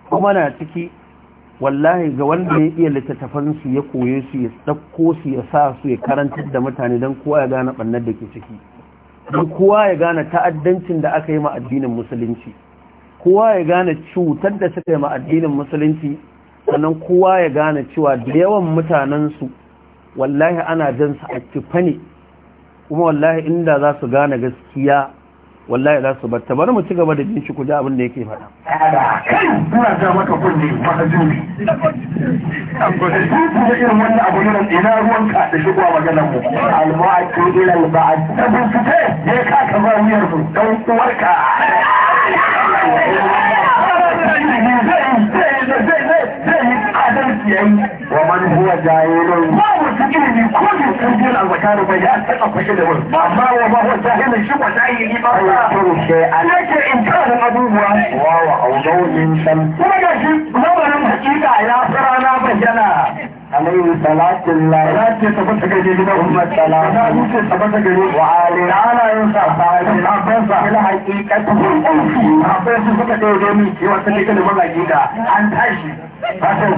kuma na ciki wallahi ga wanda ya iya littattafansu ya koye su ya ɗakko su ya sa su ya karantar da mutane don kowa ya gane ɓannar da ke ciki don kowa ya gane ta'addancin da aka yi ma addinin musulunci kowa ya gane cutar da suka yi ma addinin musulunci sannan kowa ya gane cewa da yawan mutanensu wallahi ana jan su a kifa ne kuma wallahi inda za su gane gaskiya wallahi za su batta bari mu ci gaba da jin shi ku abin da yake faɗa. Ina ga maka kunne mahajuri. Ina irin wani abu nan ina ruwanka da shigowa maganar mu. Almu'aki ilal ba'ad. Da bincike ne ka ka ba wuyar su don uwarka. adalci wa man huwa jahilun ba mu cikin ne ko ne kun ji al zakar ya da wani amma wa ba huwa jahilun shi ko jahili ba ba to shi an yake in kana abubuwa wa wa in san kuma ga shi lamarin hakika ya fara na bayyana عليه صلاة الله صلاة ثبت كجيب أمة صلاة صلاة ثبت كجيب وعلي تعالى ينصر صلاة عباس إلى حقيقة أبوس فكت يجمي وتلك الملاجئة عن تاشي fashin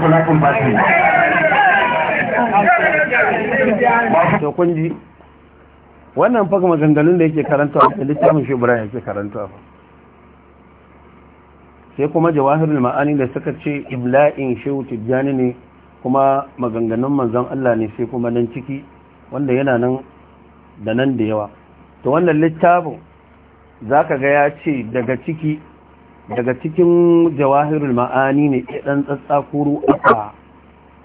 wannan faka maganganun da yake karanta a littafin shi ibrahim yake karanta sai kuma jawahirul ma'ani da suka ce ibla'in shehu tijjani ne kuma maganganun manzon Allah ne sai kuma nan ciki wanda yana nan da nan da yawa ta wannan littafin zaka ga ya ce daga ciki daga cikin jawahirul ma'ani ne ya ɗan tsatsakuru aka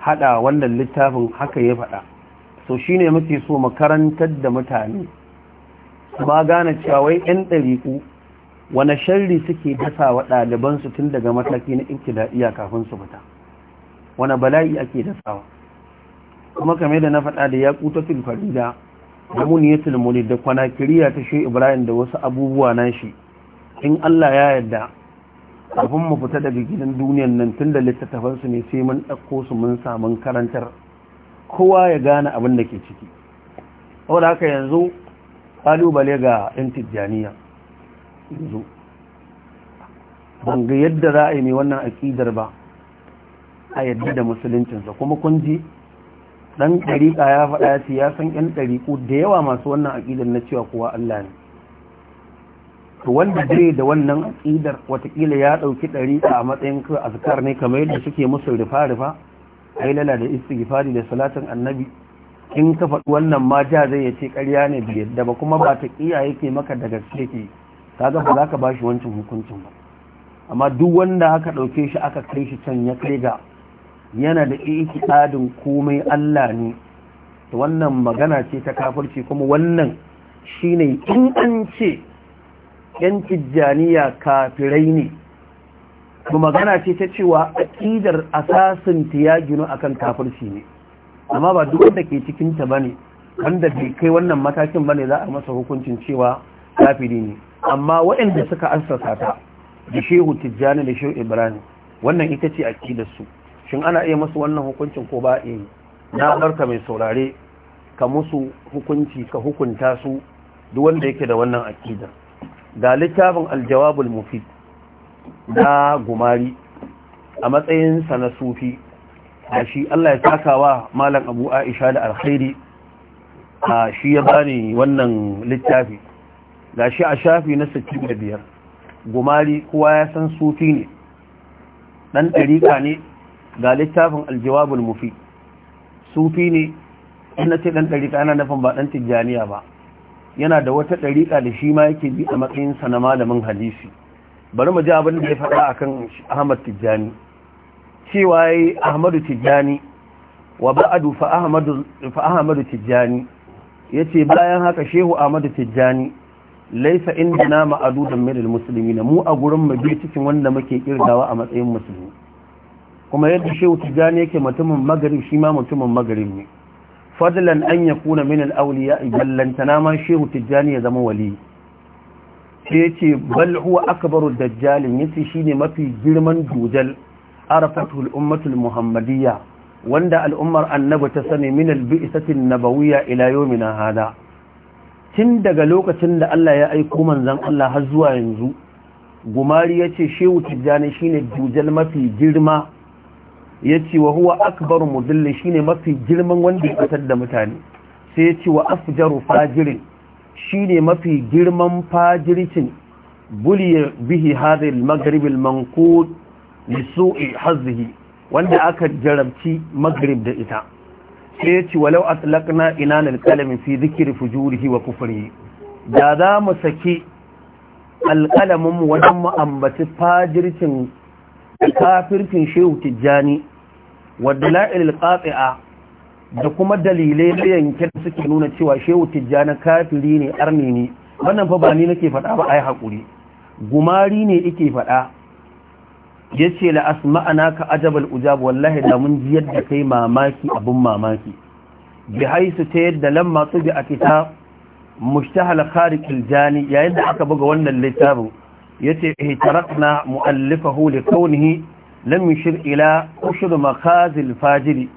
haɗa wannan littafin haka ya faɗa so shi ne muke so makarantar da mutane ma gane cewa wai 'yan ɗariƙu wane sharri suke dasa wa ɗalibansu tun daga mataki na iya kafin su fita wane bala'i ake dasawa kuma kamar da na faɗa da yaqutatul farida da yi mulid da kwanakiriya ta shi ibrahim da wasu abubuwa na shi in Allah ya yarda kafin mu fita daga gidan duniyan nan tun da littattafansu ne sai mun ɗauko su mun samu karantar kowa ya gane abin da ke ciki wadda haka yanzu ƙalubale ga 'yan tijjaniya yanzu ban ga yadda za a yi mai wannan aƙidar ba a yadda da musuluncinsa kuma kun ji ɗan ɗariƙa ya faɗa ya ce san 'yan ɗariƙu da yawa masu wannan aƙidar na cewa kowa Allah ne to wanda zai da wannan aqidar watakila ya dauki dariqa a matsayin ka azkar ne kamar yadda suke musu rifa rifa ailala da istighfari da salatin annabi in ka faɗi wannan ja zai yace ƙarya ne bi yadda ba kuma ba ta kiya yake maka daga gaske ke kaga ba za ka bashi wancan hukuncin ba amma duk wanda aka dauke shi aka kai shi can ya kai ga yana da tsadin komai Allah ne to wannan magana ce ta kafirci kuma wannan shine in an ce yan tijjaniya kafirai ne mu magana ce ta cewa akidar asasin ta ya ginu akan kafirci ne amma ba duk wanda ke cikin ta bane wanda bai kai wannan matakin ba ne za a masa hukuncin cewa kafiri ne amma waɗanda suka assasa ta da shehu tijjani da shehu ibrahim wannan ita ce aƙidar su shin ana iya masu wannan hukuncin ko ba iya na barka mai saurare ka musu hukunci ka hukunta su duk wanda yake da wannan akidar. da littafin aljawabul mufid na gumari a matsayinsa na sufi da shi Allah ya wa malam abu aisha da alkhairi a shi ya bani wannan littafi ga shi a shafi na 65 gumari kowa ya san sufi ne dan ɗariƙa ne ga littafin aljawabul mufid sufi ne ina ce dan ɗariƙa ana nufin ba dan tijjaniya ba yana da wata ɗariƙa da shi ma yake bi a matsayinsa na malamin hadisi bari mu ji abin da ya faɗa a kan Ahmad Tijjani cewa yayi Ahmadu Tijjani wa ba'adu fa Ahmadu fa Ahmadu ce yace bayan haka Shehu Ahmadu Tijjani laisa da ma'adudan musulmi na mu a gurin mu cikin wanda muke kirgawa a matsayin musulmi kuma yadda Shehu Tijjani yake mutumin magarib shi ma mutumin magarib ne fadlan an ya kuna min al'auliya ballantana ma shehu tijjani ya zama wali sai ce bal akabaru dajjalin yace shine mafi girman dujal arafatul ummatul muhammadiyya wanda al'ummar annabi ta sani min albi'satin nabawiyya ila yawmina hada tun daga lokacin da Allah ya aiko manzan Allah har zuwa yanzu gumari ya ce shehu tijjani shine dujal mafi girma ya ce wa huwa akbaru shi ne mafi girman wanda ya fitar da mutane sai ya ce wa afjaru fajirin ne mafi girman fajircin buliya bihi hadhil maghrib al manqud li su'i hazzihi wanda aka jarabci maghrib da ita sai ya ce walau atlaqna inanal qalam fi dhikri fujurihi wa kufrihi da za mu saki alƙalamin wajen ma'ambaci fajircin kafircin shehu tijjani wadda la'il da kuma dalilai da yankin suke nuna cewa shehu tijjani kafiri ne arni ne wannan fa ba ni nake faɗa ba ai hakuri gumari ne yake faɗa yace ce la asma'ana ka ajabal ujab wallahi da mun ji yadda kai mamaki abin mamaki bi haisu ta yadda lamma su bi a kita mushtahal khariqil jani yayin da aka buga wannan littafin yace ihtaraqna mu'allifahu li kaunihi lam yushir ila ushur makazil fajiri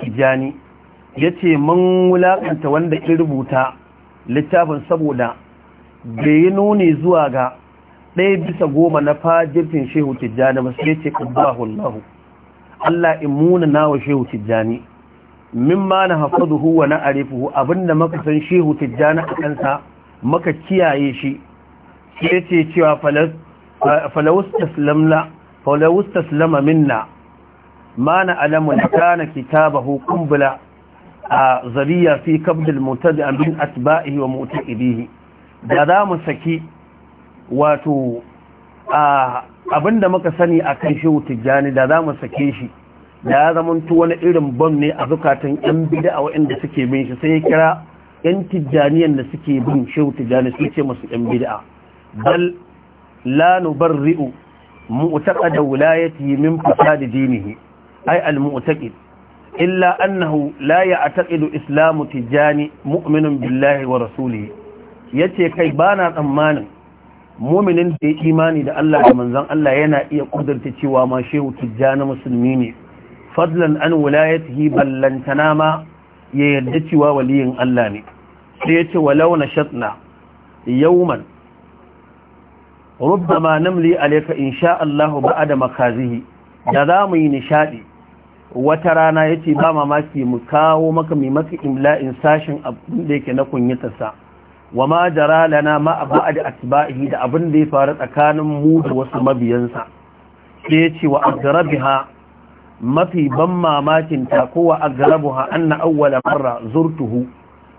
kijani yace mun wulakanta wanda ke rubuta littafin saboda bai nuni zuwa ga ɗaya bisa goma na fajirtin shehu tijjani ba sai ce ƙabbahu Allah Allah in muna nawa shehu tijjani mimma na hafazuhu wa na arifuhu abinda maka san shehu tijjani a kansa maka kiyaye shi sai ce cewa falawus taslamna فلو استسلم منا ما نعلم كان كتابه قنبلة ذريا في كبد المتدع من اتباعه ومؤتئبيه دام سكي واتو abinda muka sani a kan shehu da za mu sake shi da ya zamantu wani irin bom ne a zukatan yan bida waɗanda suke bin shi sai ya kira yan tijjaniyan da suke bin shi tijjani su ce masu yan bida bal la nubarri'u mu'taqada wilayatihi min fasad dinihi ay al-mu'taqid illa annahu la ya'taqidu islamu tijani mu'minun billahi wa rasulihi yace kai bana tsammanin mu'minin da ya imani da Allah da manzon Allah yana iya kudurta cewa ma Tijjani musulmi ne fadlan an wilayatihi ballantana ma ya yarda cewa waliyin Allah ne sai yace walau na shatna yawman ruɓda ma namiji alayka insha'allahu ma'adama kazihi da za mu yi nishaɗi wata rana yace ba mamaki mu kawo maka mai in la'in sashen abu ɗan da ya na kunyar ta wa ma jarala na ma a fa'adda da abin da ya faru tsakanin mudu wasu mabiyansa sai yace ce wa agrabu mafi ban mamakin ta ko wa agrabu ha ana awu da fara zortuhu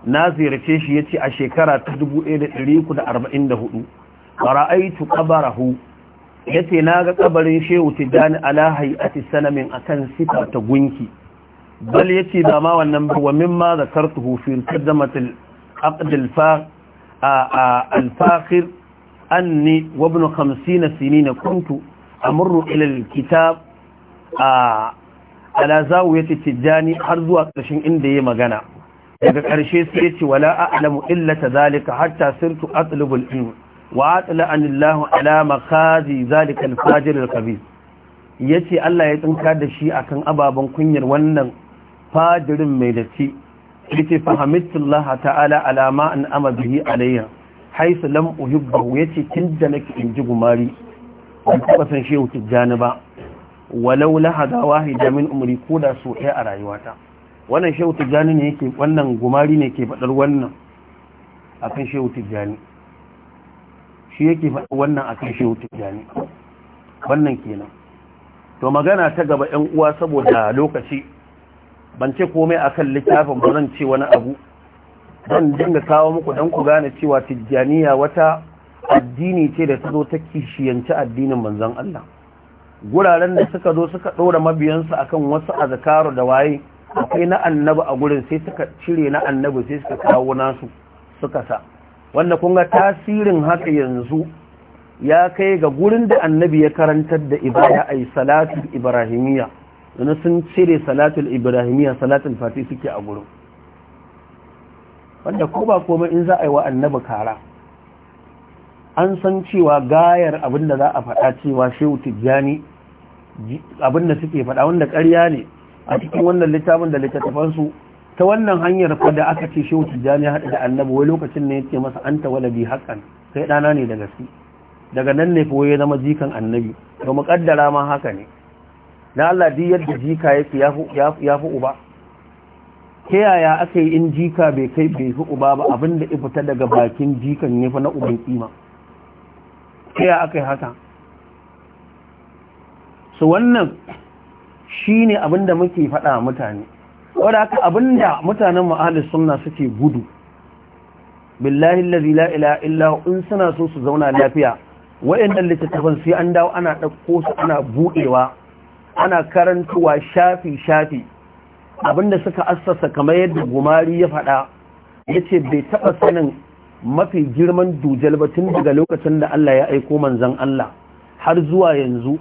na ziyarce shi yace a shekara ta dubu ɗaya da dari kudu fara'aitu qabarahu yace naga kabarin shehu tijjani ala hay'ati sanamin akan sifa ta gunki bal yace ba ma wannan ba wa mimma zakartuhu fi qaddamat al-aqd al-fakhir anni wa ibn 50 sinina kuntu amurru ila al-kitab ala zawiyati tijani har zuwa karshen inda yayi magana daga karshe sai yace wala a'lamu illa zalika hatta sirtu atlubul ilm wa atla anillahu ala makazi zalika alfajir ya yace Allah ya tsinka da shi akan ababen kunyar wannan fajirin mai datti yace fahimtullah ta'ala ala ma an ama bihi alayya haisu lam uhibbu yace da nake ji gumari ba san shehu tijjani ba walau lahada wahida min umri koda so ɗaya a rayuwata wannan shehu tijjani ne yake wannan gumari ne ke faɗar wannan akan shehu tijjani shi yake faɗi wannan akan shehu tijjani wannan kenan to magana ta gaba yan uwa saboda lokaci ban ce komai akan littafin ba zan ce wani abu zan dinga kawo muku dan ku gane cewa tijjaniya wata addini ce da ta zo ta kishiyanci addinin manzon Allah guraren da suka zo suka ɗora mabiyansu akan wasu azkaru da waye akwai na annabi a gurin sai suka cire na annabi sai suka kawo nasu suka sa wanda kunga tasirin haka yanzu ya kai ga gurin da annabi ya karantar da ibada ai salatul ibrahimiyya yana sun cire salatul ibrahimiyya salatul fati suke a gurin wanda ko ba komai in za a yi wa annabi kara an san cewa gayar abinda za a faɗa cewa shehu tijjani abinda suke faɗa wanda ƙarya ne a cikin wannan littafin da littattafansu ta wannan hanyar da aka ce wuce jami'a haɗu da annabu wai lokacin ne ce masa an tawala bi haƙan sai ɗana ne da gaske daga nan ne kuwa ya zama jikan annabi to muƙaddara ma haka ne dan Allah duk yadda jika yake ya fi uba ta yaya aka yi in jika bai kai bai fi uba ba abinda ya fita daga bakin jikan ne fa na uban kima ta yaya aka yi haka su wannan shi ne abinda muke faɗa mutane wadda abin abinda mutanen ma'adis suna suke gudu billahi lalzi la'ila illa in suna so su zauna lafiya waɗannan littattafan sai an dawo ana ɗauko su ana buɗewa ana karantuwa shafi-shafi Abin da suka assasa kamar yadda gumari ya faɗa ya ce bai taɓa sanin mafi girman dujal ba tun daga lokacin da Allah ya aiko manzan Allah har zuwa yanzu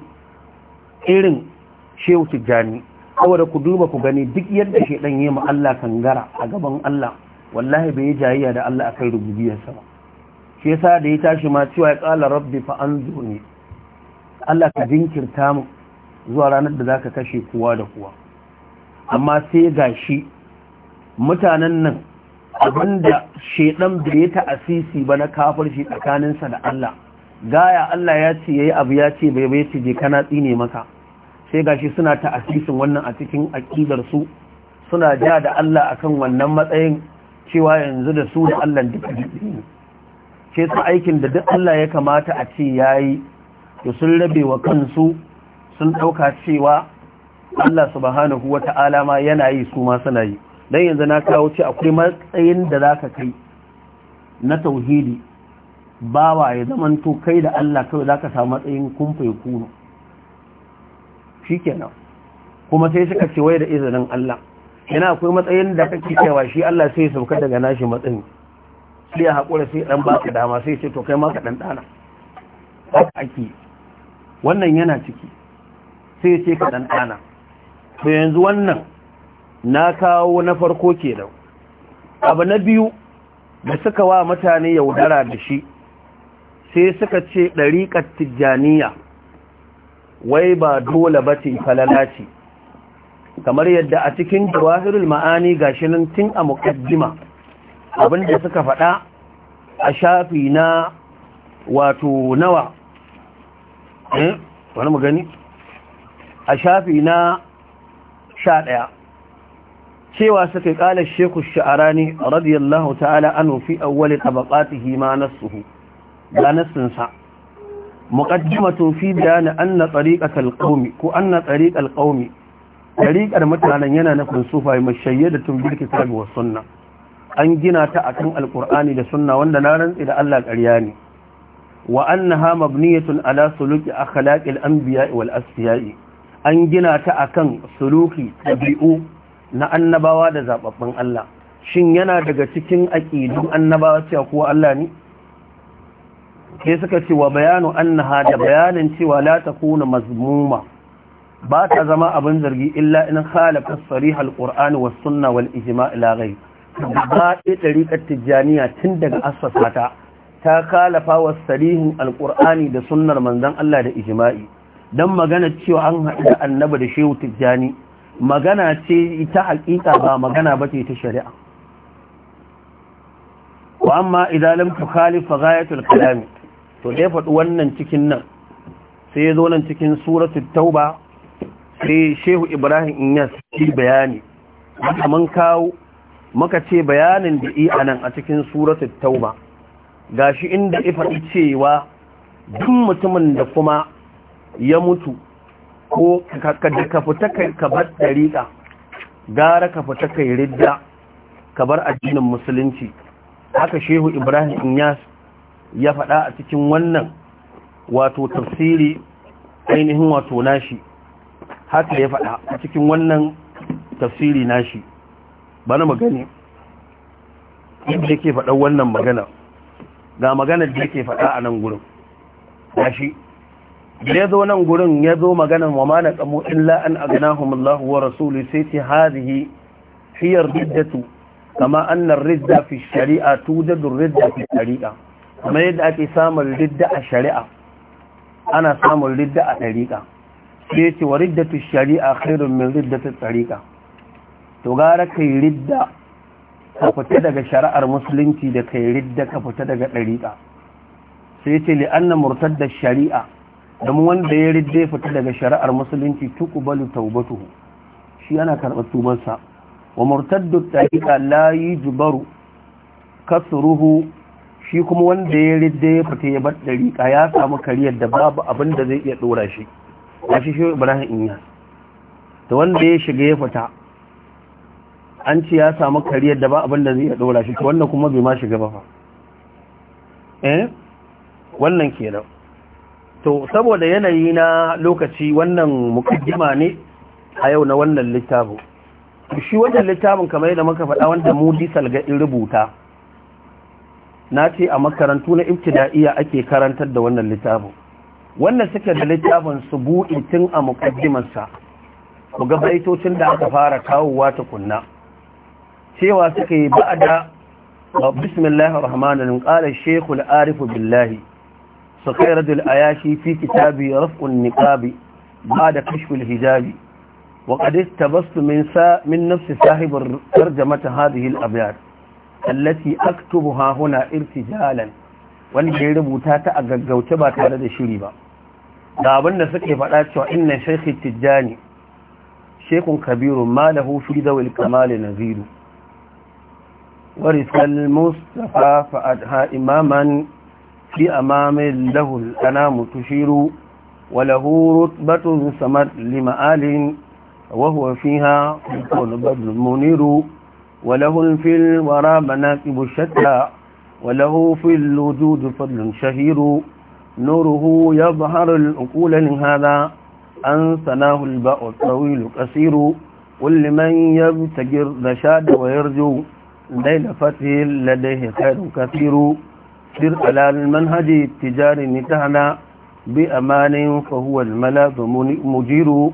irin shehu tijjani saboda ku duba ku gani duk yadda shi dan yi ma Allah kangara a gaban Allah wallahi bai yi jayayya da Allah akan rububiyarsa ba shi yasa da ya tashi ma cewa ya kala rabbi fa ne. Allah ka jinkirta mu zuwa ranar da zaka kashe kowa da kowa amma sai gashi mutanen nan abinda shedan bai ta asisi ba na tsakanin tsakaninsa da Allah gaya Allah ya ce yayi abu ya ce bai bai ce je kana tsine maka sai gashi suna ta asisin wannan a cikin akidar su suna ja da Allah akan wannan matsayin cewa yanzu da su da Allah duk ne ce su aikin da duk Allah ya kamata a ce yayi to sun rabe wa kansu sun ɗauka cewa Allah subhanahu wata'ala ma yana yi su ma suna yi dan yanzu na kawo ce akwai matsayin da zaka kai na tauhidi bawa ya zamanto kai da Allah kawai zaka samu matsayin kun fa kuno shikenan kuma sai suka ce wai da izinin Allah yana akwai matsayin da kake cewa shi Allah sai ya sauka daga nashi matsayin sai ya haƙura sai ɗan ba ka dama sai ce to kai ma ka ɗan ɗana haka ake wannan yana ciki sai ce ka ɗan ɗana to yanzu wannan na kawo na farko ke da abu na biyu da suka wa mutane yaudara da shi sai suka ce ɗariƙar tijjaniya wai ba dole ba ce falala ce kamar yadda a cikin jawahirul ma'ani gashi nan tun a muqaddima abinda suka faɗa a shafi na wato nawa eh wani magani a shafi na sha daya. cewa suka yi ƙalar sha'arani radiyallahu ta'ala anhu fi awwal tabaqatihi ma nasuhu ga nasinsa muqaddimatun fi bayani anna tariqatal qaumi ko anna Ɗariƙar mutanen yana nufin sufai mashayyadatu bil kitabi was sunna an gina ta akan Alƙur'ani da sunna wanda na rantse da Allah ƙarya ne wa annaha mabniyatun ala suluki akhlaqil anbiya wal asfiya'i an gina ta akan suluki tabi'u na annabawa da zababban Allah shin yana daga cikin aqidun annabawa cewa kuwa Allah ne sai suka ce wa bayanu annaha da bayanin cewa la takuna mazmuma ba ta zama abin zargi illa in khalafa sarih alqur'ani was sunna wal ijma' ila ghayr ba ɗaya ɗariƙar tijjaniya tun daga asasa ta ta khalafa was sarihin Alƙur'ani da sunnar manzon Allah da ijma'i dan magana cewa an haɗu da annabi da shehu tijjani magana ce ita haƙiƙa ba magana ba ce ta shari'a wa amma idan lam tukhalif ghayatul kalami to da ya faɗi wannan cikin nan sai ya zo nan cikin suratul tauba sai shehu ibrahim inyas shi bayani haka mun kawo muka ce bayanin da i nan a cikin suratul tauba shi inda faɗi cewa duk mutumin da kuma ya mutu ko ka fita kai ka bar dariƙa gara ka fita kai ridda ka bar addinin musulunci haka shehu ibrahim inyas ya faɗa a cikin wannan wato tafsiri ainihin wato nashi haka ya faɗa a cikin wannan tafsiri nashi bana magani yadda yake faɗa wannan magana ga maganar da yake faɗa a nan gurin nashi da ya zo nan gurin ya zo maganan wa ma na ƙamo gana an aganahumullahu wa rasuli sai ce hazihi hiyar riddatu kama annar ridda fi shari'a tudadun ridda fi shari'a kuma yadda ake samun ridda a shari'a ana samun ridda a ɗariƙa sai ce wa ridda ta shari'a khairun min ta ɗariƙa to gara kai ridda ka fita daga shari'ar musulunci da kai ridda ka fita daga ɗariƙa sai ce murtad da shari'a don wanda ya ridda ya fita daga shari'ar musulunci tuqbalu taubatu. shi ana karɓar tubarsa wa da ɗariƙa la yujbaru kasruhu shi kuma wanda ya ridda ya fita ya bar ka ya samu kariyar da babu abin da zai iya dora shi ya shi shi ibrahim inya to wanda ya shiga ya fita an ce ya samu kariyar da ba abin da zai iya dora shi to wannan kuma bai ma shiga ba fa eh wannan kenan to saboda yanayi na lokaci wannan mukaddima ne a yau na wannan littafin shi wannan littafin kamar yadda muka faɗa wanda mu disal ga in rubuta na ce a makarantu na ibtida'iya ake karantar da wannan littafin Wannan suke da littafin su buɗe tun a muƙaddimarsa ku ga baitocin da aka fara kawowa kunna. cewa suka yi ba'ada wa bismillahir rahmanir rahim qala shaykhul arif billahi sukhairul ayashi fi kitabi raf'un niqabi ba'da kashful hijabi wa qad istabastu min sa min nafsi sahibir tarjamat hadhihi al-abyad allati aktubuha huna irtijalan wani da rubuta ta a gaggauci ba tare da shiri ba ga abin suke faɗa cewa inna shaykh tijani shaykhun kabiru ma lahu fi dawil kamal naziru wa risal mustafa fa adha imaman fi amami lahu al-anam tushiru wa lahu samad lima'alin wa huwa fiha qul muniru وله في الورى مناكب الشتى وله في الوجود فضل شهير نوره يظهر الأقول لهذا أن سناه الباء الطويل كثير قل لمن يبتجر نشاد ويرجو ليل فتح لديه خير كثير سر على المنهج التجاري نتهنا بأمان فهو الملاذ مجير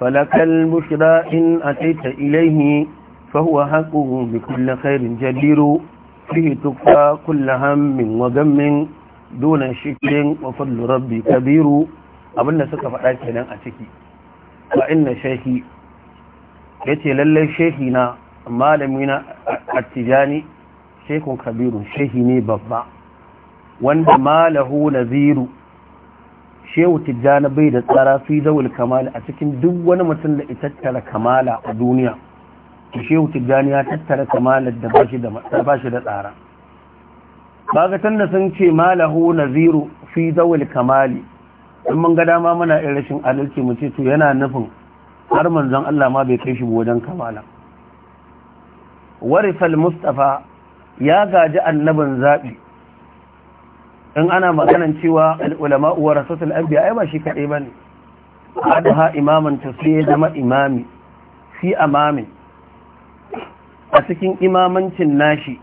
فلك البشرى إن أتيت إليه فهو حقه بكل خير جدير فيه تكفى كل هم وغم دون شكر وفضل ربي كبير abinda suka faɗa kenan a ciki ba inna shehi ya ce lallai shehi na malami na attijani shekun kabiru shehi ne babba wanda malahu naziru shehu tijjani bai da tsara fi zawul kamala a cikin duk wani mutum da itattara kamala a duniya to shehu tijjani ya tattara kamalar da ba shi da tsara Ba ga tanda sun ce malahu naziru fi zawil kamali in mun ga dama muna yin rashin adalci mu ce to yana nufin har manzon Allah ma bai kai shi wajen kamala warifal mustafa ya gaji annabin zabi in ana maganan cewa al'ulama uwa rasatul abiya ai ba shi kaɗai ba ne haɗa ha imaman yi zama imami fi amami. a cikin imamancin nashi